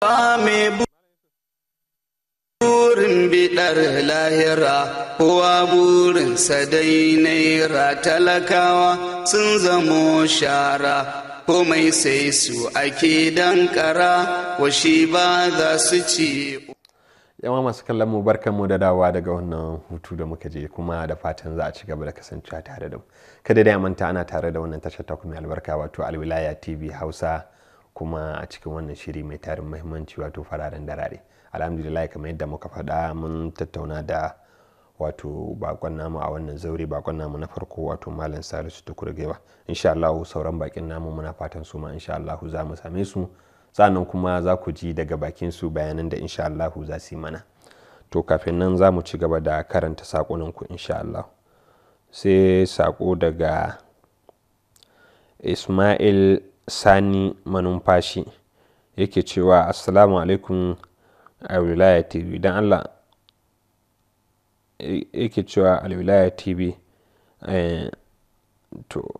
ba mai burin bidar lahira kowa burinsa dai naira talakawa sun zamo shara komai sai su ake dankara washi ba za su ci yawa masu kallon mu mu da dawowa daga wannan hutu da muka je kuma da fatan za a ci gaba da kasancewa tare da mu kada da manta ana tare da wannan tashar ta kuma albarka wato alwilaya tv hausa kuma a cikin wannan shiri mai tarin mahimmanci wato fararen darare alhamdulillah kamar yadda muka faɗa mun tattauna da wato bakon namu a wannan zaure bakon namu na farko wato malam salisu kurgewa insha Allah sauran bakin namu muna fatan su ma insha Allah za mu same su sannan kuma za ku ji daga bakin su bayanan da insha Allah za su yi mana to kafin nan za mu ci gaba da karanta sakonin ku insha Allah sai sako daga Ismail sani manumfashi yake cewa assalamu alaikum a wilaya tv don allah eh, yake cewa a wilaya tv eh, to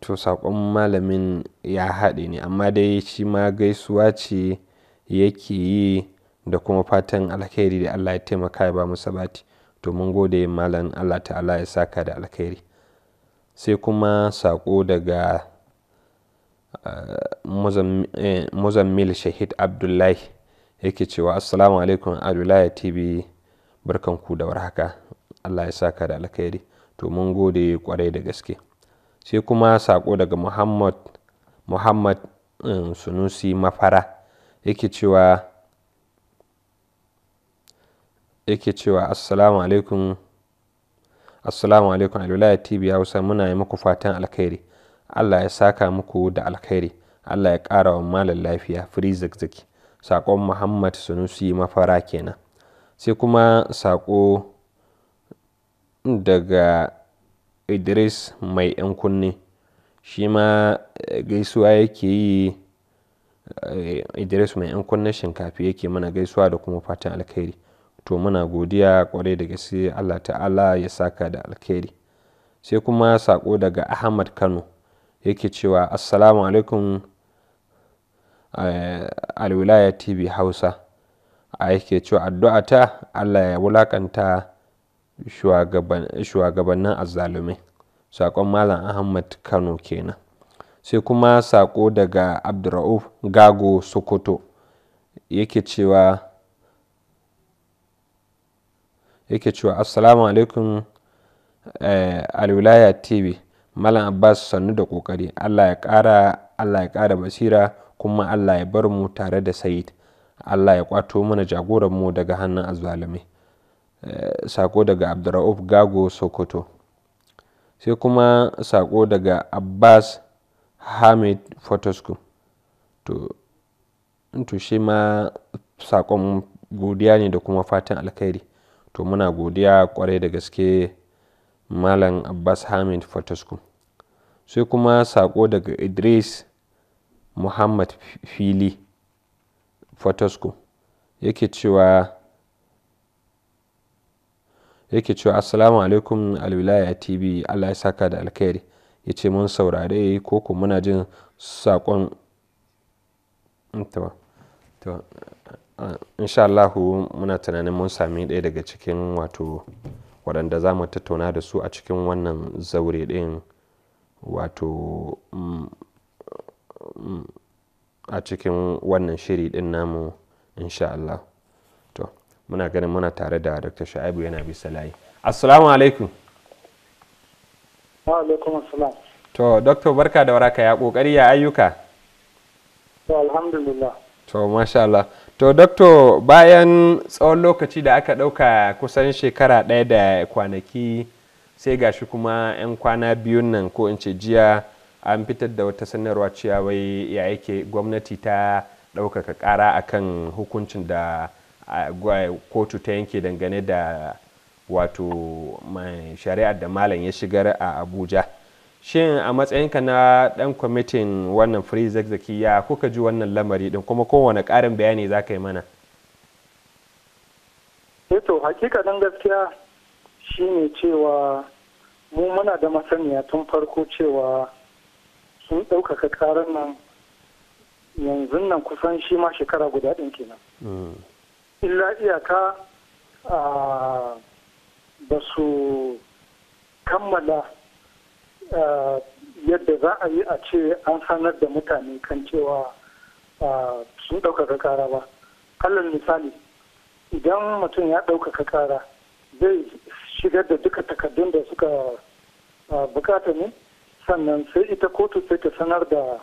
to malamin ya haɗe ne amma dai shi ma gaisuwa ce yake yi da kuma fatan alkhairi da allah ya taimaka ya ba mu sabati to mun gode malam allah ta'ala ya saka da alkhairi sai kuma sako daga muzammil shahid abdullahi yake cewa assalamu alaikum alwilaya tv barkanku da warhaka allah ya saka da alkhairi to mun gode kwarai da gaske sai kuma sako daga muhammad um, sunusi mafara yake cewa yake cewa assalamu alaikum assalamu alaikum alwilaya tv hausa muna yi muku fatan alkhairi Allah ya saka muku da alkhairi Allah ya ƙara wa malam lafiya firi zikziki saƙon Muhammad Sunusi mafara kenan sai kuma saƙo daga Idris mai 'yan kunne shi ma eh, gaisuwa yake yi eh, Idris mai 'yan kunne shinkafi yake mana gaisuwa da kuma fatan alkhairi to muna godiya kwarai da gaske Allah ta'ala ya saka da alkhairi sai kuma saƙo daga Ahmad Kano yake cewa assalamu alaikum eh, alwilaya tv hausa a yake cewa addu'a ta allah ya wulakanta shugabannin azzalumai saƙon malam ahmad kano kenan sai kuma saƙo daga abdurra'uf gago sokoto yake cewa yake cewa assalamu alaikum eh, alwilaya tv Malam Abbas sannu da kokari Allah ya ƙara Allah ya ƙara basira kuma Allah ya bar mu tare da sayid Allah ya kwato mana jagoran mu daga hannun azzalumai. Eh, sako daga Abdurra'uf Gago Sokoto. Sai kuma sako daga Abbas Hamid Photoscope. To to shi ma sakon godiya ne da kuma fatan alkhairi to muna godiya kwarai da gaske malam abbas hamid fatasku sai kuma sako daga idris muhammad fili fotosko yake cewa yake cewa assalamu alaikum alwilaya tv allah ya saka da alkhairi ya ce mun saurare ko ku muna jin saƙon insha allahu muna tunanin mun sami ɗaya daga cikin wato waɗanda za mu tattauna da su a cikin wannan zaure ɗin wato mm, mm, a cikin wannan shiri din namu insha Allah to muna ganin muna tare da Dr. Shu'aibu yana bisa layi assalamu alaikum to doctor barka da waraka ya kokari ya ayyuka to alhamdulillah to masha Allah to doctor bayan tsawon lokaci da aka dauka kusan shekara ɗaya da kwanaki sai gashi kuma 'yan kwana biyun nan ko in ce jiya an fitar da wata sanarwa cewa wai ya yake gwamnati ta ɗaukaka ƙara a kan hukuncin da kotu ta yanke dangane da wato mai shari'ar da malam ya shigar a abuja shin a matsayinka na dan kwamitin wannan free zakzaki ya kuka ji wannan lamari din kuma kowane ƙarin bayani za ka yi mana eh to hakikanin gaskiya shine cewa mu muna da masaniya tun farko cewa sun ɗaukaka ƙarar nan yanzu nan kusan shi ma shekara guda ɗin kenan. Hmm. illa iyaka ba su kammala yadda za a yi a ce an sanar da mutane kan cewa sun ɗaukaka kara ba alal misali idan mutum ya ɗaukaka kara zai shigar da duka takardun da suka bukata ne sannan sai ita kotu sai ta sanar da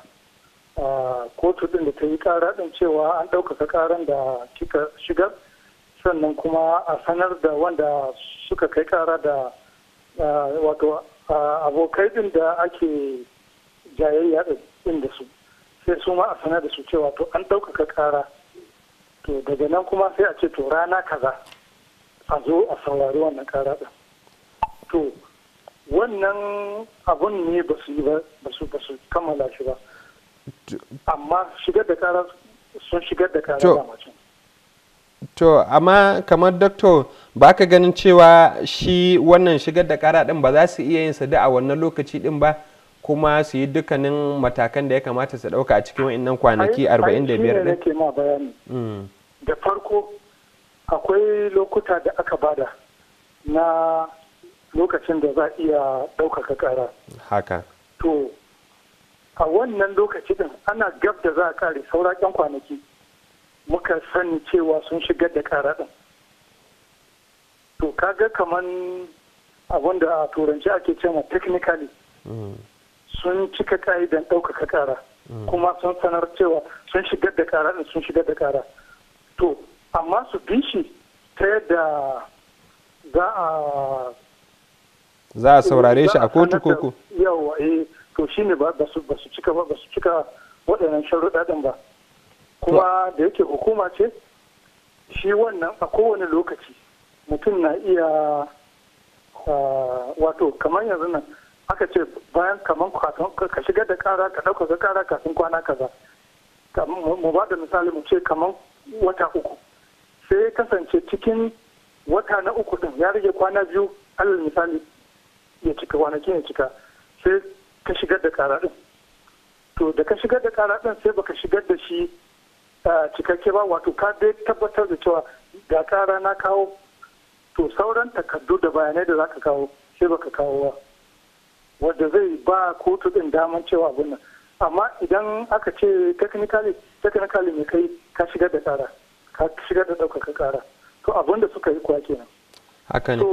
kotu din da ta yi kara din cewa an ɗaukaka karan da kika shigar sannan kuma a sanar da wanda suka kai kara da wato abokai din da ake jayayya din da su sai su ma a sanar da su cewa to an ɗaukaka kara to daga nan kuma sai a ce to rana kaza a zo a saurari wannan kara ɗin to wannan abun ne ba su yi ba ba su kammala shi ba amma shigar da kara sun shigar da kara da macin to amma kamar doktor ba ka ganin cewa shi wannan shigar da kara din ba za su iya yin sa da a wannan lokaci din ba kuma su yi dukkanin matakan da ya kamata su ɗauka a cikin wa'annan kwanaki 45 din mm. da farko akwai lokuta da aka bada na lokacin da za a iya ɗaukaka ƙara haka to a wannan lokaci din ana gab da za a ƙare saura yan kwanaki muka sani cewa sun shigar da ƙara ɗin to kaga kaman abin da a turanci ake cewa technically mm. sun cika ka'idan ɗaukaka ƙara mm. kuma sun sanar cewa sun shigar da ƙara ɗin sun shigar da ƙara to amma su bi shi ta yadda za a za a saurare shi a kotu koko yawa eh to shi ne ba su cika ba su cika waɗannan sharuɗa ba kuma da yake hukuma ce shi wannan a kowane lokaci mutum na iya wato kamar yanzu nan aka ce bayan kamar ka shigar da kara ka ga kara kafin kwana kaza mu ba da misali mu ce kamar wata uku sai ya kasance cikin wata na uku din ya rage kwana biyu alal misali ya cika kwanaki ya cika sai ka shigar da kara din to da ka shigar da kara din sai baka shigar da shi cikakke ba wato ka dai tabbatar da cewa ga kara na kawo to sauran takardu da bayanai da za ka kawo sai baka kawo ba wanda zai ba kotu ɗin daman cewa abin nan amma idan aka ce technically technically mai kai ka shigar da kara ka shigar da ɗaukaka ƙara to abin suka yi kuwa kenan haka ne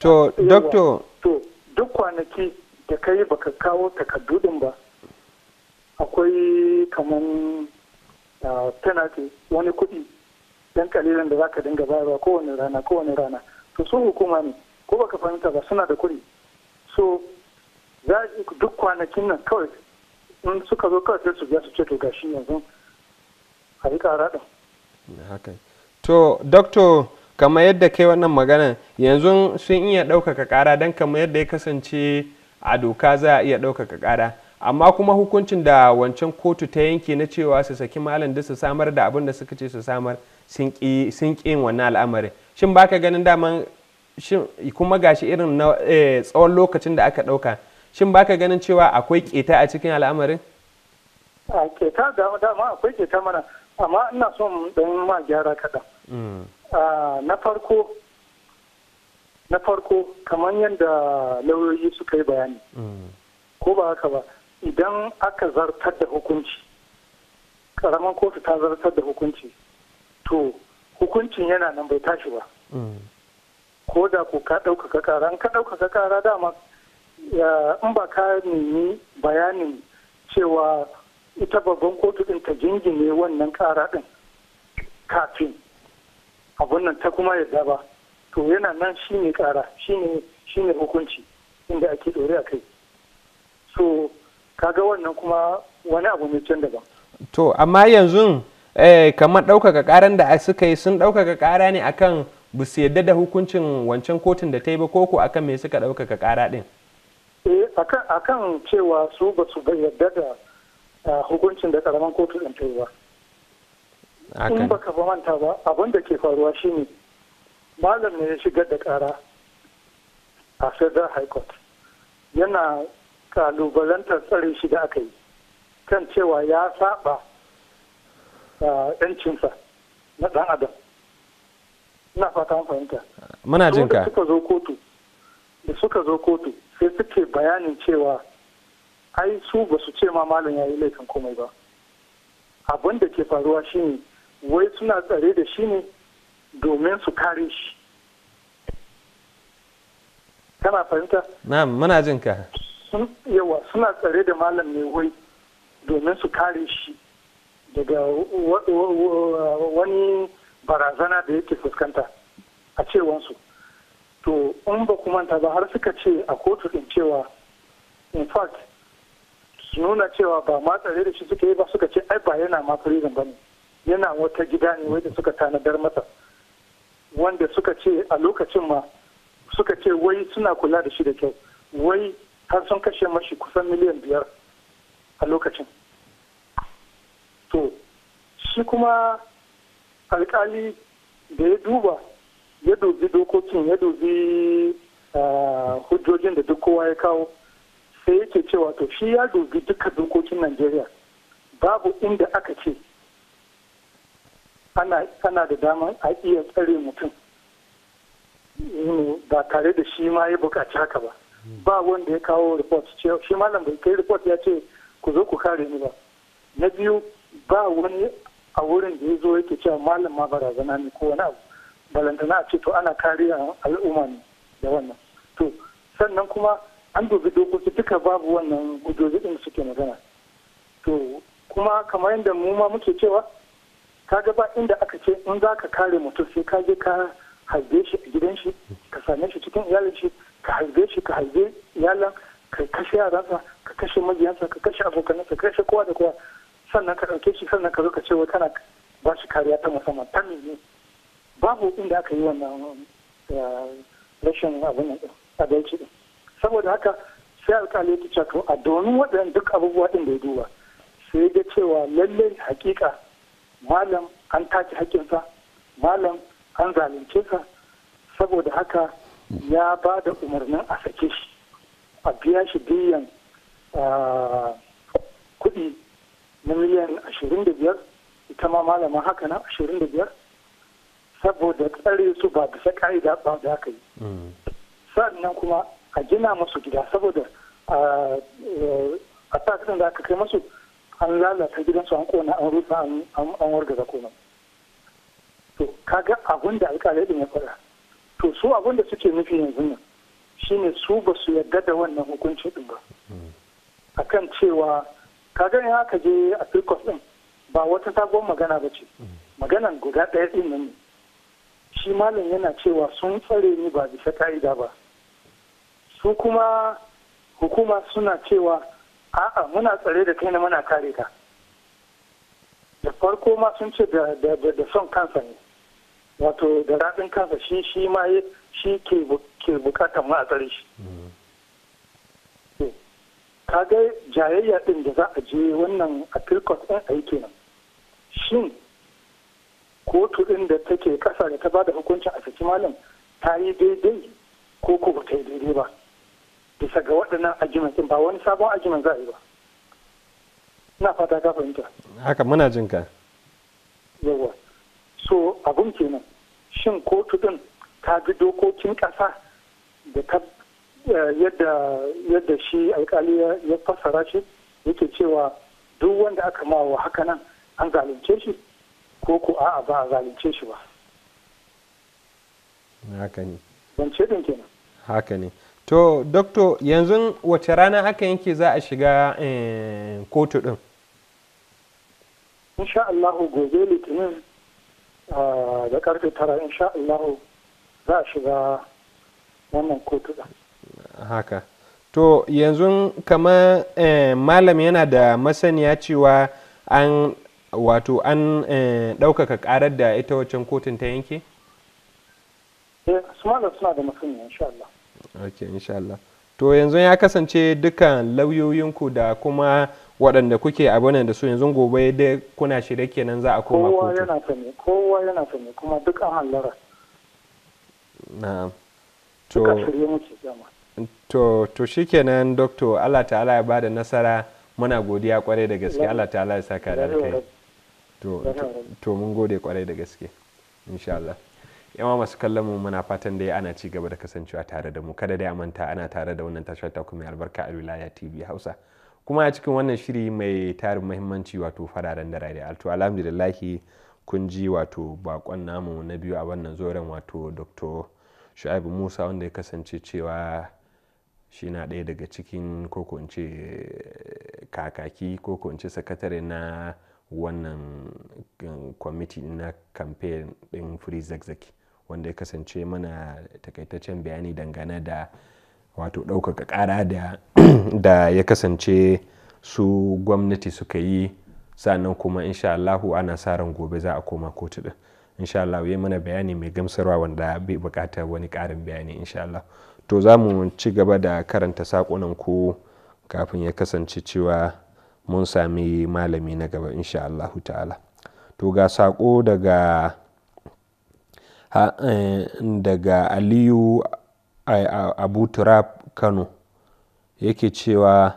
to doctor to duk kwanaki da ka yi baka kawo takaddudin ba akwai kaman penalty wani kuɗi dan kalilan da zaka dinga bayarwa kowane rana kowane rana to su hukuma ne ko baka fahimta ba suna da kuɗi so za duk kwanakin nan kawai in suka zo kawai sai su biya su ce to gashi yanzu a yi ƙara ɗin haka to doctor kamar yadda kai wannan magana yanzu sun iya ɗaukaka ƙara don kamar yadda ya kasance a doka za a iya ɗaukaka ƙara amma kuma hukuncin da wancan kotu ta yanke na cewa su saki malam da su samar da abin da suka ce su samar sun ƙi yin wannan al'amarin shin baka ganin daman kuma gashi irin na eh, tsawon lokacin da aka ɗauka shin baka ganin cewa akwai keta a cikin al'amarin? keta da dama akwai keta mana amma ina son ɗan ma gyara kaɗan mm. ah, na farko na farko kamar yadda lauyoyi suka yi bayani mm. ko ba haka ba idan aka zartar da hukunci ƙaramin kotu ta zartar da hukunci to hukuncin yana nan bai tashi ba mm. ko da ko ka ɗaukaka ƙara ka ɗaukaka ƙara dama in ba ka nemi bayanin cewa ita babban kotu ɗin ta jingine wannan kara ɗin? kafin abun nan ta kuma yadda ba to yana nan shine kara shine shine hukunci inda ake dore a kai so kaga wannan kuma wani abu mai can daban to amma yanzu eh, kamar ɗaukaka ƙaran da suka yi sun ɗaukaka ƙara ne akan ba su yadda da hukuncin wancan kotun da ta yi ba koko akan me suka ɗaukaka ƙara ɗin? eh akan cewa su ba su yadda da hukuncin da karaman kotu ɗin ta yi ba. in baka manta ba abin da ke faruwa shine malam ne ya shigar da kara a federal high court yana kalubalantar tsare shi da aka yi kan cewa ya saba yancinsa na dan adam ina fata fahimta muna jinka da suka zo kotu sai suke bayanin cewa ai su ba su ce ma malam ya yi laifin komai ba abin da ke faruwa shine wai suna tsare da shi ne domin su kare shi kana fahimta na'am muna jin ka yawa suna tsare da malam ne wai domin su kare shi daga wani barazana da yake fuskanta a cewansu to in ba kuma manta ba har suka ce a kotu in cewa in fact su nuna cewa ba ma da shi suka yi ba suka ce ai ba yana ma prison ba ne yana wata gida ne wanda suka tanadar masa wanda suka ce a lokacin ma suka ce wai suna kula da shi da kyau wai har sun kashe mashi kusan miliyan biyar a lokacin to shi kuma alkali da ya duba ya dubi dokokin ya dubi ah, hujjojin da duk kowa ya kawo sai yake cewa to shi ya dubi duka dokokin najeriya babu inda aka ce ana da dama a iya tsare mutum ba tare da shi ma ya bukaci haka ba ba wanda ya kawo report shi malam bai kai report ya ce ku zo ku kare ni ba na biyu ba wani a wurin da ya zo yake cewa malam ma barazana ne ko wani abu balantana a ce to ana kariya al'umma ne da wannan to sannan kuma an dubi dokoki duka babu wannan gudoji din suke magana to kuma kamar yadda mu ma muke cewa kaga ba inda aka ce in za ka kare mutum sai ka je ka harbe shi a gidan shi ka same shi cikin iyalin shi ka harbe shi ka harbe iyalan ka kashe yaransa ka kashe majiyansa ka kashe abokanin ka kashe kowa da kowa sannan ka ɗauke shi sannan ka zo ka ce kana ba shi kariya ta musamman ta ne babu inda aka yi wannan eh, rashin abin adalci din saboda haka sai alkali ta ce to a domin waɗannan duk abubuwa ɗin da ya duba sai ya cewa lallai hakika malam an tace haƙƙinsa malam an zalunce sa saboda haka ya ba da umarnin a sake shi a biya shi biyan kuɗi na miliyan ashirin da biyar ita ma malama haka na ashirin da biyar saboda tsare su ba bisa ƙa'ida ba da aka yi mm. nan kuma a gina musu gida saboda a ta da aka kai masu an lalata gidansu an kona an rufe an da kuma to kaga abun da alƙalai din ya faɗa to su abun da suke nufi yanzu ne shine su ba su yarda da wannan hukuncin din ba akan cewa kaga in aka je a firkos din ba wata sabon magana ba ce maganan guda ɗaya din nan ne shi malam yana cewa sun tsare ni ba bisa ka'ida ba su kuma hukuma suna cewa a'a muna tsare da kai na muna kare ka da farko ma sun ce da son kansa ne wato da ratsin kansa shi shi ma shi ke bukatar ma a tsare shi mm-hmm. Ka ga jayayya din da za a je wannan a ɗin aiki nan shin kotu ɗin da take ƙasa da ta ba da hukuncin a cikin malam ta yi daidai ko ko ba ta yi daidai ba bisa ga waɗannan ajimantin ba wani sabon ajiman za a yi ba na fata ka fahimta haka muna jin ka yawa so abun kenan shin kotu din ta bi dokokin ƙasa da ta eh, yadda shi alkali ya fassara shi yake cewa duk wanda aka mawa haka nan an zalunce shi ko ko a'a ba a zalunce shi ba haka ne zance din kenan haka ne to doctor yanzu wace rana aka yanke za a shiga eh, kotu din insha Allah gobe litinin ah, da karfe tara insha Allah za a shiga wannan kotu din haka to yanzu kamar eh, malam yana da masaniya cewa an wato an eh, ɗaukaka ƙarar da ita waccan kotun ta yanke? su malam suna da masaniya insha Allah. ok insha Allah to yanzu ya kasance dukkan lauyoyinku da kuma waɗanda kuke abunan da su yanzu gobe da kuna shirye kenan za a koma kowa yana sani kowa yana sani kuma duk an hallara na'am to to to shikenan doctor Allah ta'ala ya bada nasara muna godiya kwarai da gaske Allah ta'ala ya saka da kai to to mun gode kwarai da gaske insha Allah yawa masu kallon mu muna fatan dai ana ci gaba da kasancewa tare da mu kada dai a manta ana tare da wannan tashar ta kuma albarka a wilaya tv hausa kuma a cikin wannan shiri mai tarin mahimmanci wato fararen da rari alto alhamdulillahi kun ji wato bakon namu na biyu a wannan zoren wato dr shu'aibu musa wanda ya kasance cewa shi na ɗaya daga cikin koko in ce kakaki koko in ce sakatare na wannan eh, kwamiti na kamfen din free zakzaki wanda ya kasance mana takaitaccen bayani dangane da wato ɗaukaka ƙara da ya kasance su gwamnati suka yi sannan kuma insha Allahu ana sa ran gobe za a koma kotu din insha Allah ya mana bayani mai gamsarwa wanda bai bukatar wani ƙarin bayani insha Allah to za mu ci gaba da karanta nan ku kafin ya kasance cewa mun sami malami na gaba insha Allahu ta'ala to ga sako daga Eh, daga Aliyu Abu Turab Kano yake cewa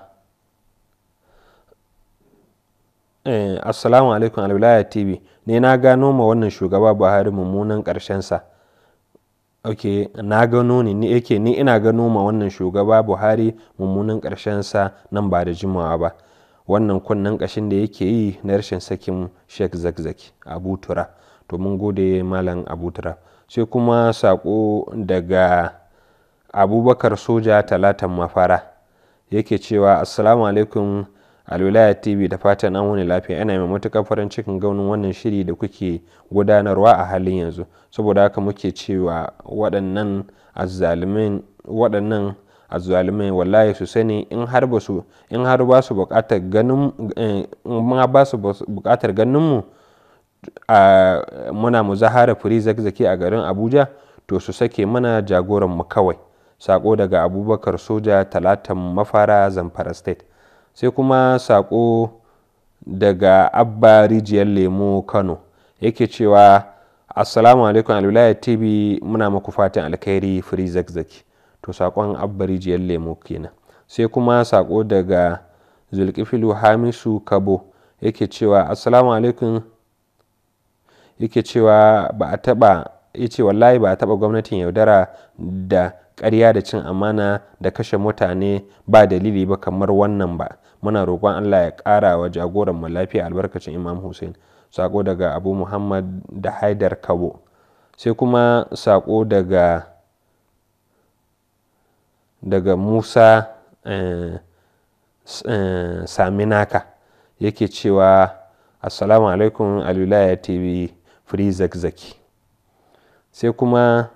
eh, Assalamu alaikum albilaya TV ne na gano ma wannan shugaba Buhari mummunan sa ok na gano ne ni yake ni ina gano ma wannan shugaba Buhari mummunan sa nan ba da jimawa ba wannan kunnen ƙashin da yake yi na rashin sakin Sheikh Zakzaki Abu Tura to mun gode Malam Abu Tura sai kuma saƙo daga abubakar soja talatan mafara yake cewa assalamu alaikum alwilaya tv da fatan an wani lafiya yana mai matuƙar farin cikin gaunin wannan shiri da kuke gudanarwa a halin yanzu saboda haka muke cewa waɗannan azzalumin waɗannan azzalumai wallahi su sani in har ba su buƙatar ganin eh, muna muzahara free zakzaki a garin abuja to su sake mana jagoran mu kawai sako daga abubakar soja talatan mafara zamfara state sai kuma sako daga abba rijiyar lemo kano yake cewa assalamu alaikum alwilaya tv muna maku fatan alkhairi free zakzaki to sakon abba rijiyar lemo kenan sai kuma sako daga zulkifilu hamisu kabo yake cewa assalamu alaikum yake cewa ba a taɓa ya ce wallahi ba a taba gwamnatin yaudara da ƙarya da cin amana da kashe mutane ba dalili ba kamar wannan ba muna roƙon allah ya ƙara wa jagoran mu lafiya albarkacin imam hussein sako daga abu muhammad da haidar kabo sai kuma sako daga daga musa eh, eh, saminaka yake cewa assalamu alaikum alwilaya tv free zakzaki sai kuma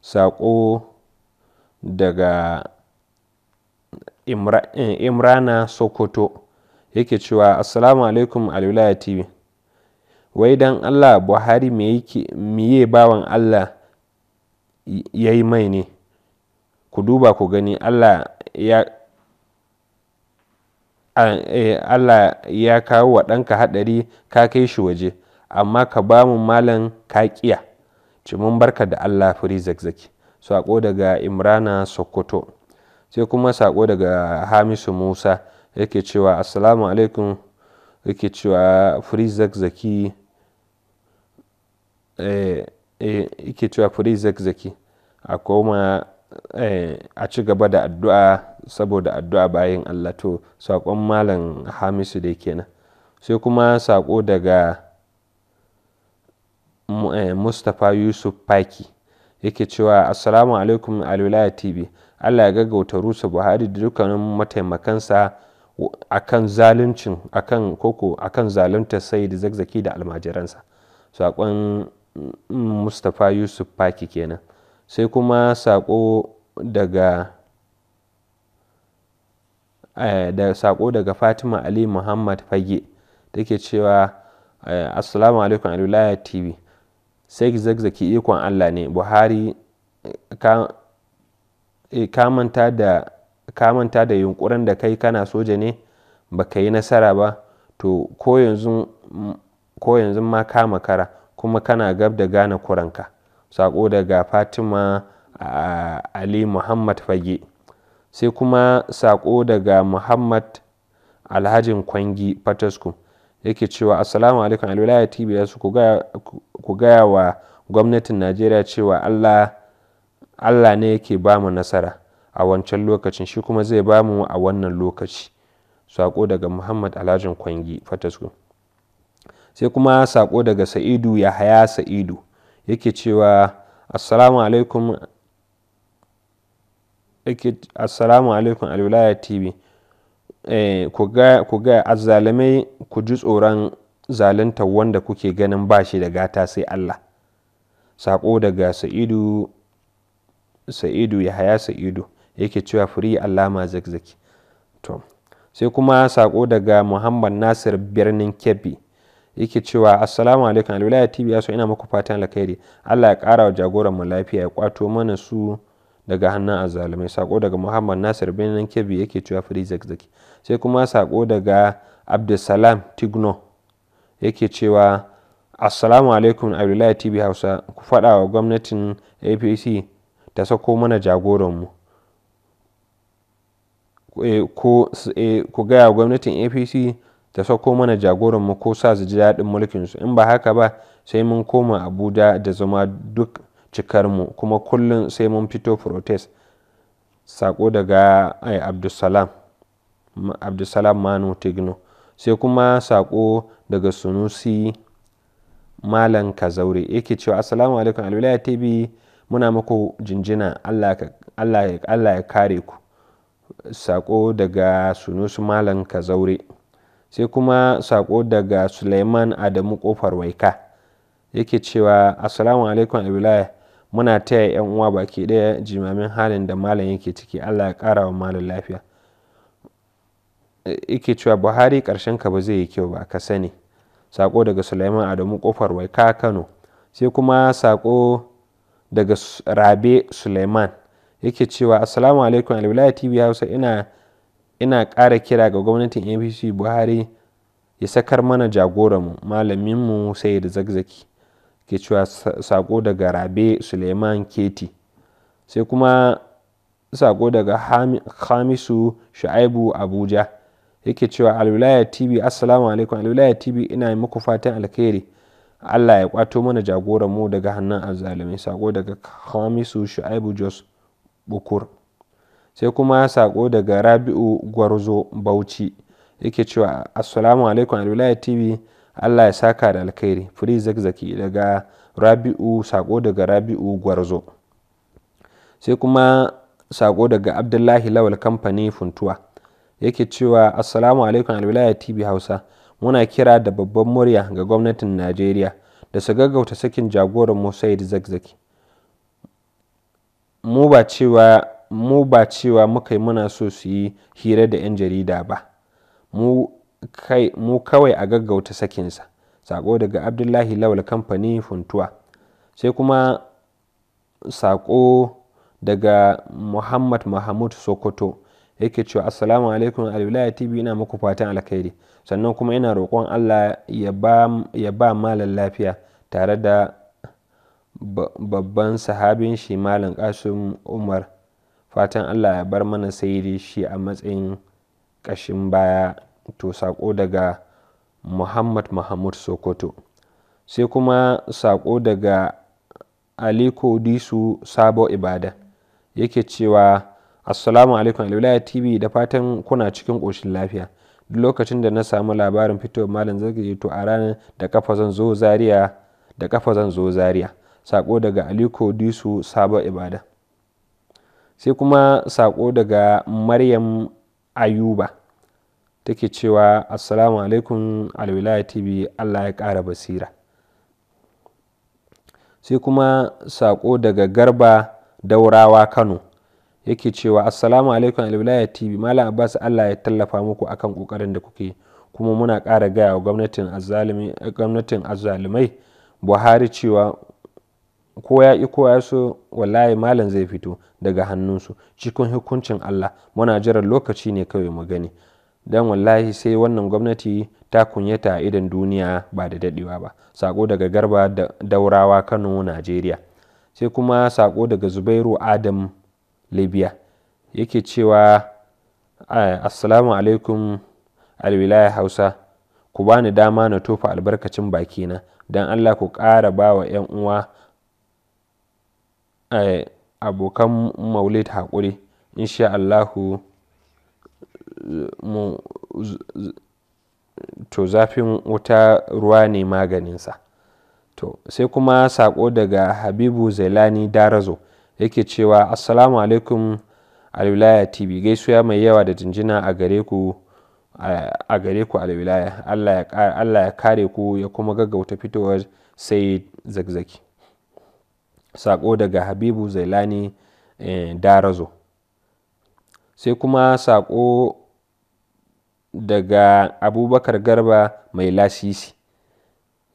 saƙo daga eh, imrana sokoto yake cewa assalamu alaikum alwilaya tv wai don allah buhari miye bawan allah ya yi mai ne ku duba ku gani allah ya eh, Allah ya kawo wa ɗanka haɗari ka kai shi waje amma ka ba mu malam ka ci mun barka da allah firi zakzaki saƙo daga imrana sokoto sai kuma saƙo daga hamisu musa yake cewa assalamu alaikum yake cewa firi zakzaki eh, eh, yake cewa firi zakzaki a koma eh, a ci gaba da addu'a saboda addu'a bayan allah to saƙon malam hamisu dai kenan sai kuma sako daga Eh, Mustapha Yusuf paki yake cewa Assalamu alaikum Alwilaya TV. Allah ya gaggauta rusa Buhari da dukkanin mataimakansa akan zaluncin akan koko akan zaluntar da Zakzaki da almajiransa. Saƙon Mustapha Yusuf paki kenan. Sai kuma saƙo daga eh, da sako daga Fatima Ali Muhammad Fage take cewa eh, Assalamu alaikum Alwilaya TV. sai zagzaki ikon allah ne buhari eh, ka manta da yunkurin da kai kana soja ne baka yi nasara ba to ko yanzu ma ka makara kuma kana gab da gane kuranka sako daga fatima ali muhammad fage sai kuma sako daga muhammad alhajin kwangi fatasku yake cewa assalamu alaikum alwilaya tv su ku gaya wa gwamnatin najeriya cewa allah ne yake ba mu nasara a wancan lokacin shi kuma zai ba mu a wannan lokaci sako daga muhammad alhajin kwangi fatasku sai kuma sako daga sa'idu ya haya sa'idu yake cewa assalamu alaikum assalamu alaikum alwilaya tv Eh, ku ga azzalamai ku ji tsoron zalunta wanda kuke ganin ba shi da gata sai Allah saƙo daga sa'idu sa'idu ya haya sa'idu yake cewa firi alama zikzik to sai kuma saƙo daga muhammad nasir birnin kebbi yake cewa assalamu alaikum alwilaya tv ya so ina muku fatan alkhairi allah ya kara wa jagoran mu lafiya ya kwato mana su daga hannun azzalumai sako daga muhammad nasir birnin kebi yake cewa free zakzaki sai kuma sako daga abdulsalam tigno yake cewa assalamu alaikum abdullahi tv hausa ku faɗa wa gwamnatin apc ta sako mana jagoranmu eh, eh, ku gaya wa gwamnatin apc ta sako mana jagoranmu ko sa su ji daɗin mulkinsu in ba haka ba sai mun koma abuja da zama duk cikarmu kuma kullum sai mun fito protest sako daga ai abdulsalam abdulsalam manu tigno sai kuma sako daga sunusi malam kazaure yake cewa assalamu alaikum alwilaya tv muna muku jinjina allah ya kare ku sako daga sunusi malam zaure sai kuma sako daga suleiman adamu kofar waika yake cewa assalamu alaikum alwilaya muna taya 'yan uwa baki ɗaya jimamin halin da malam yake ciki allah ya kara wa malam lafiya ike cewa buhari karshen ka ba zai yi kyau ba ka sani sako daga sulaiman adamu kofar wai ka kano sai kuma sako daga rabe suleiman yake cewa assalamu alaikum alwilaya tv hausa ina ina ƙara kira ga gwamnatin apc buhari ya sakar mana jagoranmu malaminmu sai da zagzaki ke cewa sako daga rabe suleiman keti sai kuma sako daga hamisu shu'aibu abuja yake cewa alwilaya tv assalamu alaikum alwilaya tv ina muku fatan alkhairi allah ya kwato mana jagoran mu daga hannun azzalumi sako daga hamisu shu'aibu jos bukur sai kuma sako daga rabi'u gwarzo bauchi yake cewa assalamu alaikum alwilaya tv Allah ya saka da alkhairi free zakzaki daga rabi'u sako daga rabi'u gwarzo sai kuma sako daga abdullahi lawal kamfani funtuwa yake cewa assalamu alaikum alwilaya tv hausa muna kira da babban murya ga gwamnatin najeriya da su gaggauta sakin jagoran mu zakzaki mu ba cewa mu ba cewa muka yi muna so su yi hira da 'yan jarida ba mu kai mu kawai a gaggauta sakinsa. Saƙo daga Abdullahi Lawal Kamfani Funtuwa. Sai kuma saƙo daga Muhammad Mahmud Sokoto yake cewa Assalamu alaikum Alwilaya TV ina muku fatan alkhairi. Sannan kuma ina roƙon Allah ya ba malam lafiya tare da babban sahabin shi malam Qasim Umar. Fatan Allah ya bar mana sairi shi a matsayin ƙashin baya to saƙo daga muhammad mahmud sokoto sai kuma sako daga aliko disu sabo ibada yake cewa assalamu alaikum alwilaya tv da fatan kuna cikin ƙoshin lafiya duk lokacin da na samu labarin fitowar malam zagaye to a ranar da kafa zan zo zaria da kafa zan zo zaria sako daga aliko disu sabo ibada sai kuma sako daga maryam ayuba take cewa assalamu alaikum alwilaya tv allah ya ƙara basira sai kuma sako daga garba daurawa kano yake cewa assalamu alaikum alwilaya tv malam abbas allah ya tallafa muku akan ƙoƙarin da kuke kuma muna kara gaya wa gwamnatin azalimai buhari cewa ko ya iko ya so wallahi malam zai fito daga hannunsu cikin hukuncin allah muna jiran lokaci ne kawai mu gani don wallahi sai wannan gwamnati ta kunyata a idan duniya ba da dadewa ba sako daga garba da daurawa kano najeriya sai kuma sako daga zubairu adam libya yake cewa assalamu alaikum alwilaya hausa ku bani dama na tofa albarkacin bakina don allah ku ƙara ba wa 'yan uwa eh, abokan maulid haƙuri insha allahu to zafin wuta ruwa ne maganinsa to sai kuma sako daga habibu zailani darazo yake cewa assalamu alaikum alwilaya tv gaisuwa mai yawa da jinjina a gare ku a gare ku alwilaya allah ya kare ku ya kuma gaggauta fitowar sai zagzaki sako daga habibu zailani eh, darazo sai kuma sako daga abubakar garba mai lasisi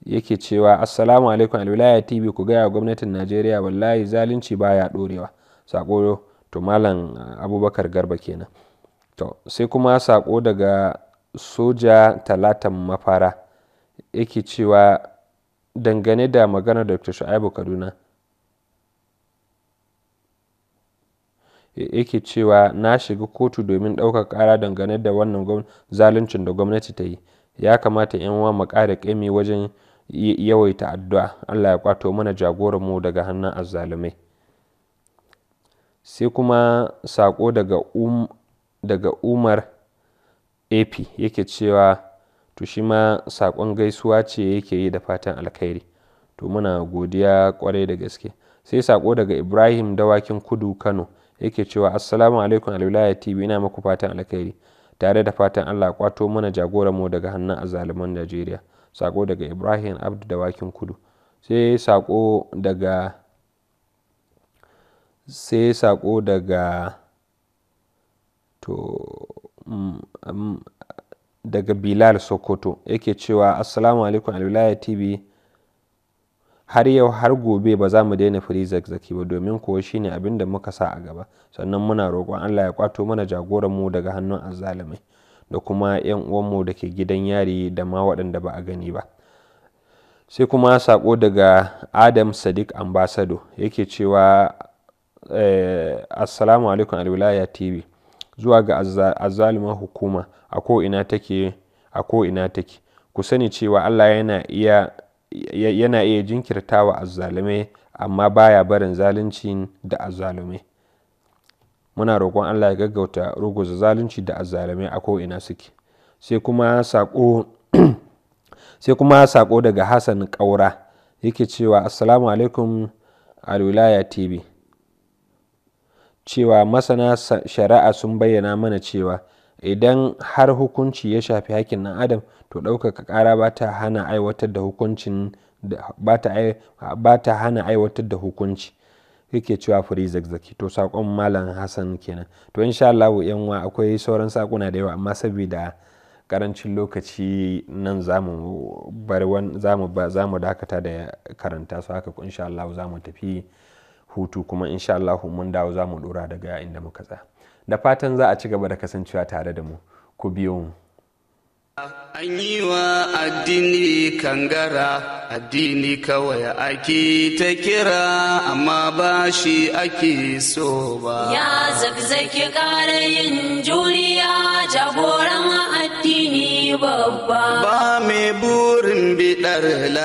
yake cewa assalamu alaikum alwilaya tv ku gaya wa gwamnatin najeriya wallahi zalunci baya dorewa sako to malam abubakar garba kenan to sai kuma sako daga soja talatan mafara yake cewa dangane da maganar dr shu'aibu kaduna yake cewa na shiga kotu domin ɗaukar ƙara dangane da wannan zaluncin da gwamnati ta yi, ya kamata 'yan uwa mu ƙara ƙaimi wajen yawaita addu'a Allah ya kwato mana jagoran mu daga hannun azzalumai. Sai kuma saƙo daga um, Umar AP yake cewa to shi ma saƙon gaisuwa ce yake yi da fatan alkhairi. To muna godiya kwarai da gaske. Sai sako daga Ibrahim Dawakin Kudu Kano yake cewa assalamu alaikum alwilaya tv ina muku fatan alkhairi tare da fatan allah kwato mana jagoran mu daga hannun azzaluman najeriya sako daga ibrahim abdu da wakin kudu sai sako daga sai sako daga to mm, mm, daga bilal sokoto yake cewa assalamu alaikum alwilaya tv har yau har gobe ba za mu daina firi zakzaki ba domin kuwa shi ne abin da muka sa a gaba sannan muna roƙon allah ya kwato mana jagoran mu daga hannun azzalumai da kuma 'yan uwanmu da ke gidan yari da ma waɗanda ba a gani ba sai kuma saƙo daga adam sadiq ambasado yake cewa eh, assalamu alaikum alwilaya tv zuwa ga azzaluman hukuma a ko'ina take a take ku sani cewa allah yana iya yana iya jinkirtawa azzalumai amma baya barin zalunci da azzalumai muna roƙon Allah ya gaggauta ruguza zalunci da azzalumai a ko'ina suke sai kuma saƙo sako daga hassan ƙaura yake cewa assalamu alaikum alwilaya tv cewa masana shari'a sun bayyana mana cewa idan har hukunci ya shafi hakkin ɗan adam to ɗaukaka ƙara ba ta hana aiwatar da hukuncin ba ta hana aiwatar da hukunci yake cewa fure zakzaki to saƙon malam hassan kenan to insha Allah yan wa akwai sauran saƙuna da yawa amma saboda karancin lokaci nan zamu bar dakata da karanta su haka insha Allah zamu tafi hutu kuma insha Allah mun dawo zamu dora daga inda muka tsaya da fatan za a ci gaba da kasancewa tare da mu ku biyo mu An yi wa addini kangara, addini kawai ake ta kira, amma ba shi ake so ba. Ya zagzaki ƙara juriya jagoran addini babba. Ba mai burin biɗar